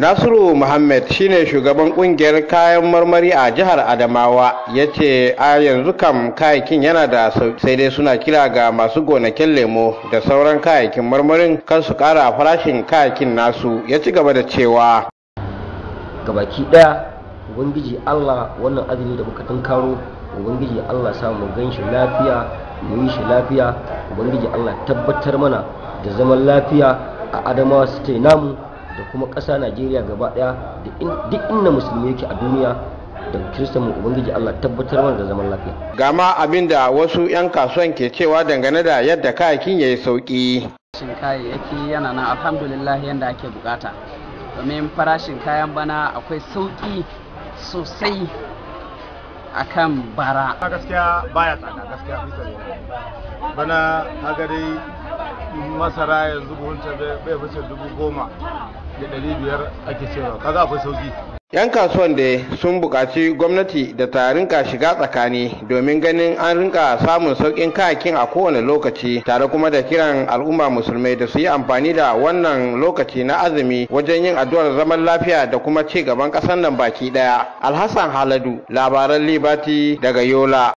nasiru muhammad shine shugaban kungiyar kayan marmari a jihar adamawa ya ce a yanzu kam kayakin yana da sai dai suna kira ga masu gonakin lemo da sauran kayakin marmarin kan su kara farashin kayakin nasu ya ci gaba da cewa gabaki daya ubangiji allah wannan azumi da muka tunkaro ubangiji allah samu gan shi lafiya mu yi shi lafiya ubangiji allah tabbatar mana da zaman lafiya a adamawa su namu da kuma ƙasa najeriya gaba ɗaya da duk inda musulmi yake a duniya da kiristan mu ubangiji allah tabbatar mana da zaman lafiya gama abin da wasu 'yan kasuwan ke cewa dangane da yadda kayakin ya yi sauƙi farashin kayayyaki yana nan alhamdulillah yadda ake bukata domin farashin kayan bana akwai sauƙi sosai a kan bara gaskiya baya tsada gaskiya bana hagari masara yanzu buhunta bai wuce dubu goma yan kasuwan da sun buƙaci gwamnati da ta rinka shiga tsakani domin ganin an rinka samun sauƙin kayakin a kowane lokaci tare kuma da kiran al'umma musulmai da su yi amfani da wannan lokaci na azumi wajen yin addu'ar zaman lafiya da kuma ci gaban ƙasar nan baki ɗaya alhassan haladu labaran libati daga yola